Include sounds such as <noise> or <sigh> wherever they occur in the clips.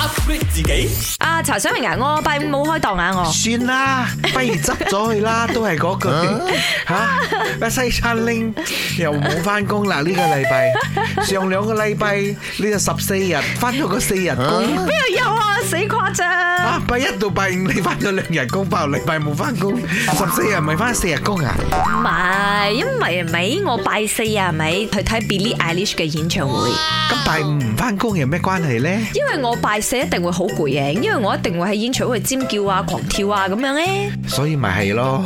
阿 free 自己啊！茶水明啊，我拜五冇開檔眼我，算啦，不如執咗去啦，都係嗰句吓。阿西餐 ling 又冇翻工啦，呢個禮拜上兩個禮拜呢個十四日翻咗個四日工，邊度有啊？死誇張！啊，拜一到拜五你翻咗兩日工，拜六禮拜冇翻工，十四日咪翻四日工啊？唔係，因為咪我拜四日咪去睇 Billie Eilish 嘅演唱會，咁拜五唔翻工有咩關係咧？因為我拜。就一定會好攰嘅，因為我一定會喺演出嗰度尖叫啊、狂跳啊咁樣咧，所以咪係咯，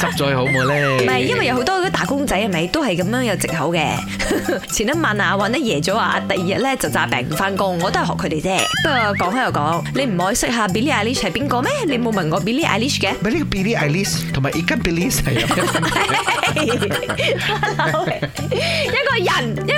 執咗好冇好咧？唔係，因為有好多嗰啲打工仔係咪，都係咁樣有藉口嘅。 <laughs> 前一晚啊，玩得夜咗啊，第二日咧就詐病唔翻工，我都係學佢哋啫。不過講開又講，你唔可以識下 Billie Eilish 係邊個咩？你冇問我 Billie Eilish 嘅？唔係呢個 Billie Eilish 同埋而家 Billie 係一樣。 <laughs> <laughs> 一個人。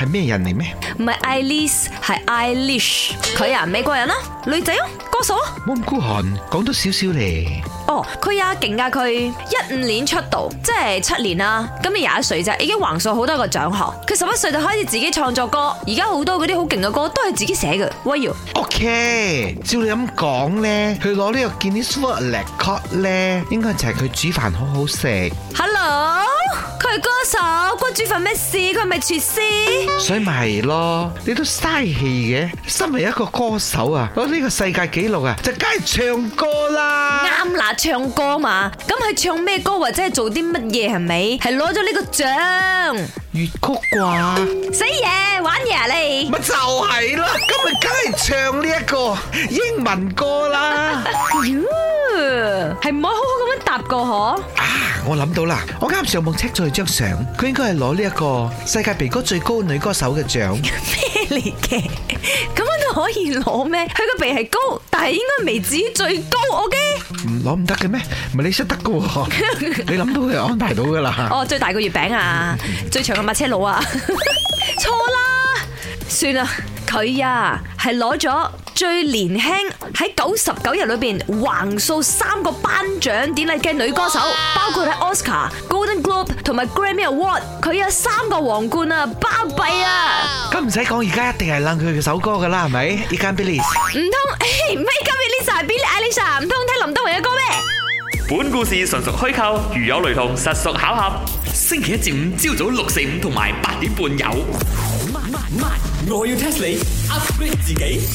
係咩人嚟咩？唔係 Eilish，係 Eilish。佢啊，美國人啦、啊，女仔啊，歌手、啊。冇咁孤寒，講多少少咧？哦，佢啊勁啊佢，一五年出道，即係七年啦、啊。今年廿一歲啫，已經橫掃好多個獎項。佢十一歲就開始自己創作歌，而家好多嗰啲好勁嘅歌都係自己寫嘅。喂 OK，照你咁講咧，佢攞呢個 Genius Award 咧，應該就係佢煮飯好好食。Hello，佢係歌手。出份咩事？佢係咪廚師？所以咪係咯，你都嘥氣嘅。身為一個歌手啊，攞呢個世界紀錄啊，就梗係唱歌啦。啱啦，唱歌嘛，咁佢唱咩歌或者係做啲乜嘢係咪？係攞咗呢個獎？粵曲啩？死嘢，玩嘢你！咪就係咯，咁咪梗係唱呢一個英文歌啦。係唔可以好好咁樣答過嗬？啊，我諗到啦，我啱上網 check 咗張相，佢應該係攞呢一個世界鼻哥最高女歌手嘅獎。咩嚟嘅？咁樣都可以攞咩？佢個鼻係高，但係應該未至於最高，我驚。唔攞唔得嘅咩？唔係你識得嘅，你諗到佢安排到噶啦。哦，最大個月餅啊，最長嘅馬車佬啊，錯啦，算啦，佢呀係攞咗。最年輕喺九十九日裏邊橫掃三個頒獎典禮嘅女歌手，Wow. 包括喺 Oscar、Golden Globe 同埋 Grammy Award，佢有三個皇冠啊，巴閉啊！咁唔使講，而家一定係攬佢嘅首歌噶啦，係咪呢 Billie Eilish 唔通？唔係 Billie Eilish Lisa 唔通聽林德榮嘅歌咩？本故事純屬虛構，如有雷同，實屬巧合。星期一至五朝早六四五同埋八點半有。我要 test 你 upgrade 自己。